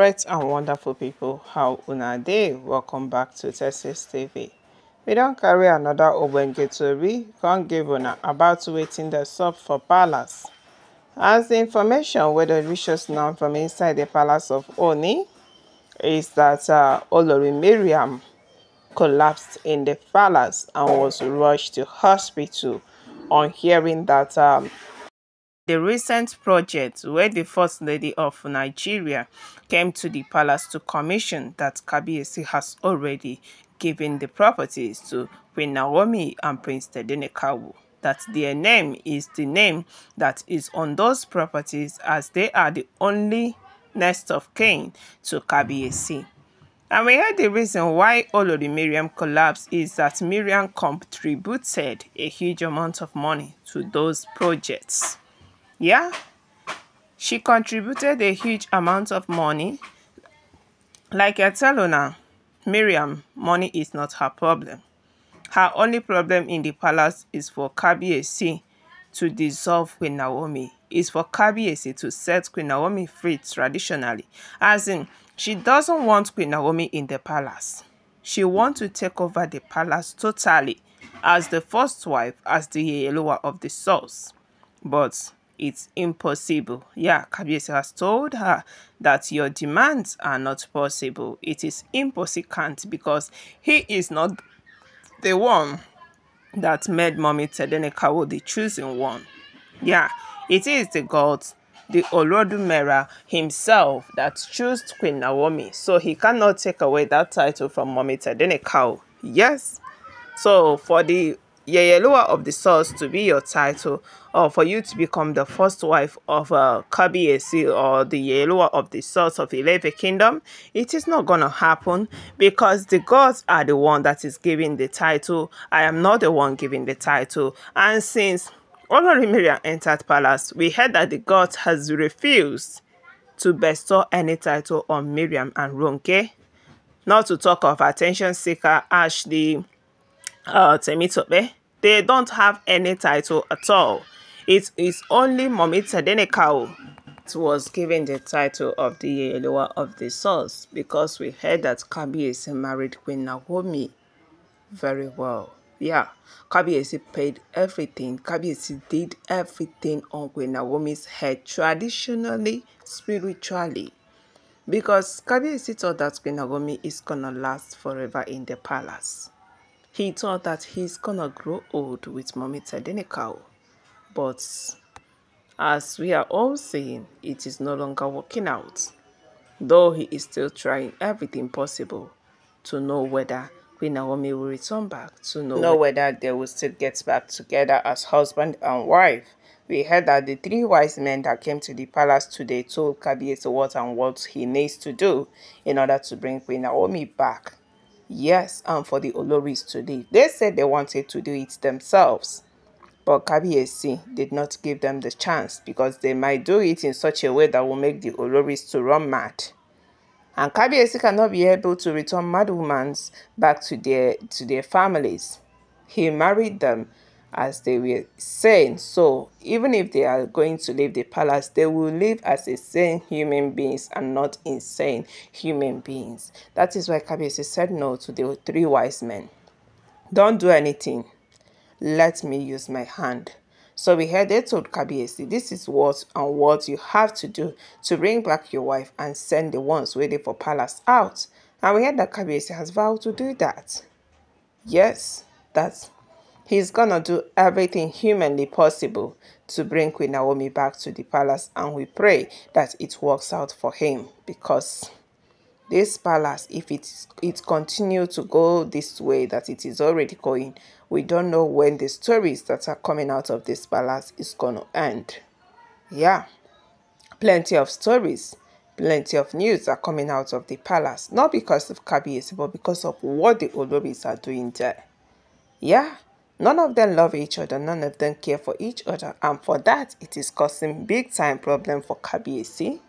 correct and wonderful people how una day welcome back to texas tv we don't carry open ogbonge Can't give una about waiting the sub for palace as the information whether don now from inside the palace of oni is that uh, olori Miriam collapsed in the palace and was rushed to hospital on hearing that um, the recent project where the First Lady of Nigeria came to the palace to commission that Kabiesi has already given the properties to Queen Naomi and Prince Tedenekawu that their name is the name that is on those properties as they are the only next of kin to Kabiesi. And we heard the reason why all of the Miriam collapsed is that Miriam contributed a huge amount of money to those projects. Yeah, she contributed a huge amount of money. Like I tell you now, Miriam, money is not her problem. Her only problem in the palace is for Kabiesi to dissolve Queen Naomi. Is for Kabiesi to set Queen Naomi free traditionally. As in, she doesn't want Queen Naomi in the palace. She wants to take over the palace totally as the first wife, as the Yeluwa of the source. But it's impossible. Yeah, Kabiesi has told her that your demands are not possible. It is impossible because he is not the one that made Mommy Tedenekawo the chosen one. Yeah, it is the God, the Olodumera himself that chose Queen Naomi. So he cannot take away that title from Mommy Tedenekawo. Yes. So for the Yeyeluwa of the Source to be your title or for you to become the first wife of uh, A C or the Yeyeluwa of the Source of the Kingdom, it is not going to happen because the gods are the one that is giving the title. I am not the one giving the title. And since Olori Miriam entered palace, we heard that the gods has refused to bestow any title on Miriam and Ronke. Not to talk of attention seeker Ashley uh, Temitope they don't have any title at all. It is only Mommy Tadenekau was given the title of the Yeloa of the Source because we heard that Kabiesi married Queen Naomi very well. Yeah, Kabiesi paid everything. Kabiesi did everything on Queen Naomi's head traditionally, spiritually. Because Kabiesi thought that Queen Naomi is going to last forever in the palace. He thought that he's gonna grow old with Mommy Tedenikau, but as we are all saying, it is no longer working out, though he is still trying everything possible to know whether Queen Naomi will return back, to know, know whether they will still get back together as husband and wife. We heard that the three wise men that came to the palace today told Kabiese what and what he needs to do in order to bring Queen Naomi back. Yes, and for the Oloris today. They said they wanted to do it themselves. But Kabiyesi did not give them the chance because they might do it in such a way that will make the Oloris to run mad. And Kabiyesi cannot be able to return mad women back to their, to their families. He married them as they were saying. So even if they are going to leave the palace, they will live as insane sane human beings and not insane human beings. That is why Kabiyesi said no to the three wise men. Don't do anything. Let me use my hand. So we they told Kabiyesi. This is what and what you have to do to bring back your wife and send the ones waiting for palace out. And we heard that Kabiyesi has vowed to do that. Yes, that's He's gonna do everything humanly possible to bring Queen Naomi back to the palace, and we pray that it works out for him because this palace, if it it continues to go this way that it is already going, we don't know when the stories that are coming out of this palace is gonna end. Yeah, plenty of stories plenty of news are coming out of the palace, not because of Kabi but because of what the Olobis are doing there. Yeah, None of them love each other, none of them care for each other, and for that, it is causing big time problem for Kabiesi.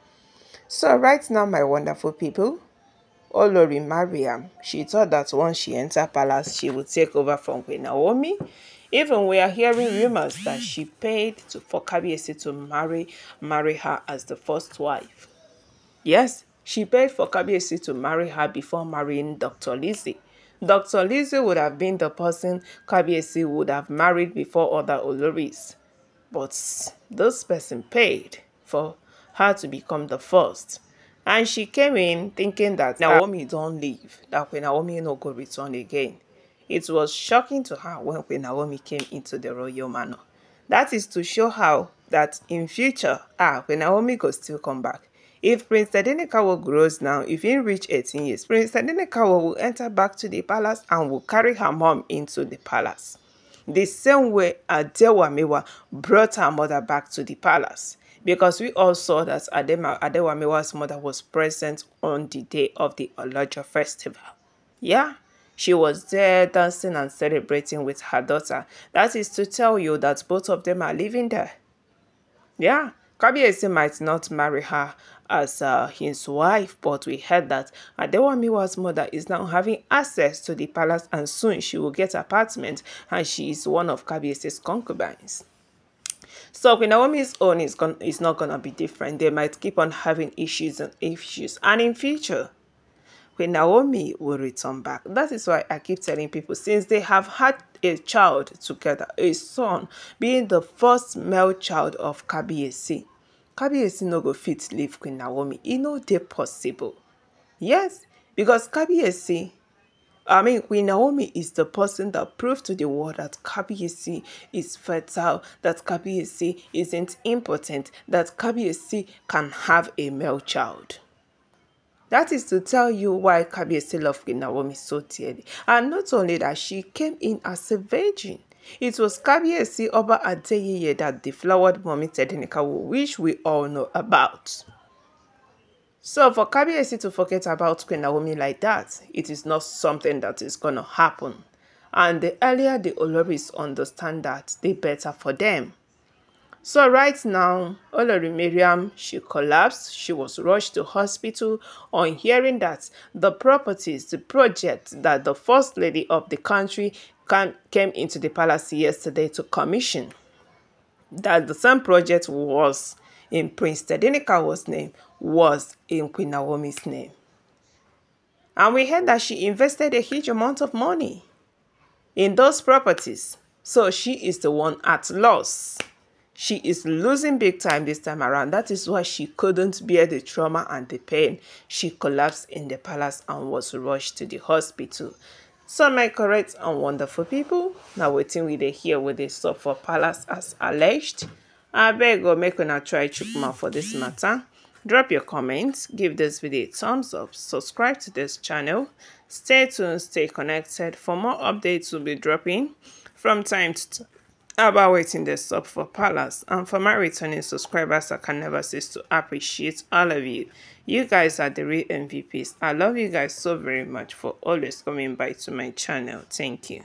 So right now, my wonderful people, Olori Mariam, she thought that once she entered palace, she would take over from Queen Naomi. Even we are hearing rumors that she paid to, for Kabiesi to marry, marry her as the first wife. Yes, she paid for Kabiesi to marry her before marrying Dr. Lizzie. Dr. Lizzie would have been the person Kabiesi would have married before other Oloris. But this person paid for her to become the first. And she came in thinking that Naomi don't leave, that when Naomi no go return again. It was shocking to her when Queen Naomi came into the royal manor. That is to show how that in future, ah, when Naomi could still come back. If Prince Tadenikawa grows now, if he reach 18 years, Prince Tadenikawa will enter back to the palace and will carry her mom into the palace. The same way Adewamewa brought her mother back to the palace. Because we all saw that Adema, Adewamewa's mother was present on the day of the Olojo festival. Yeah, she was there dancing and celebrating with her daughter. That is to tell you that both of them are living there. Yeah, Kabiesi might not marry her as uh, his wife, but we heard that Adewamiwa's mother is now having access to the palace and soon she will get apartment and she is one of Kabiyesi's concubines. So Queen Naomi's own is, going is not going to be different. They might keep on having issues and issues. And in future, when Naomi will return back. That is why I keep telling people, since they have had a child together, a son, being the first male child of Kabiesi, kabiyesi no go fit leave queen naomi e no dey possible yes because kabiyesi I mean, Queen Naomi is the person that proved to the world that Kabiyesi is fertile, that Kabiyesi isn't impotent, that Kabiyesi can have a male child. That is to tell you why Kabiyesi loved Queen Naomi so dearly. And not only that, she came in as a virgin. It was Kabiyesi Oba Adeyeye that deflowered Mummy Tedinnikawo, which we all know about. So for Kabiyesi to forget about Queen Naomi like that, it is not something that is going to happen. And the earlier the Oloris understand that, the better for them. So right now, Olori Miriam, she collapsed. She was rushed to hospital on hearing that the properties, the project that the First Lady of the country can, came into the palace yesterday to commission, that the same project was in Prince Tedinikawa's name, was in Queen Naomi's name. And we heard that she invested a huge amount of money in those properties. So she is the one at loss. She is losing big time this time around. That is why she couldn't bear the trauma and the pain. She collapsed in the palace and was rushed to the hospital. So my correct and wonderful people, now waiting with the here with the stop for palace as alleged. I beg or make una try chukma for this matter. Drop your comments, give this video a thumbs up, subscribe to this channel, stay tuned, stay connected for more updates we'll be dropping from time to time about waiting the stop for Palace and for my returning subscribers I can never cease to appreciate all of you. You guys are the real MVPs. I love you guys so very much for always coming by to my channel. Thank you.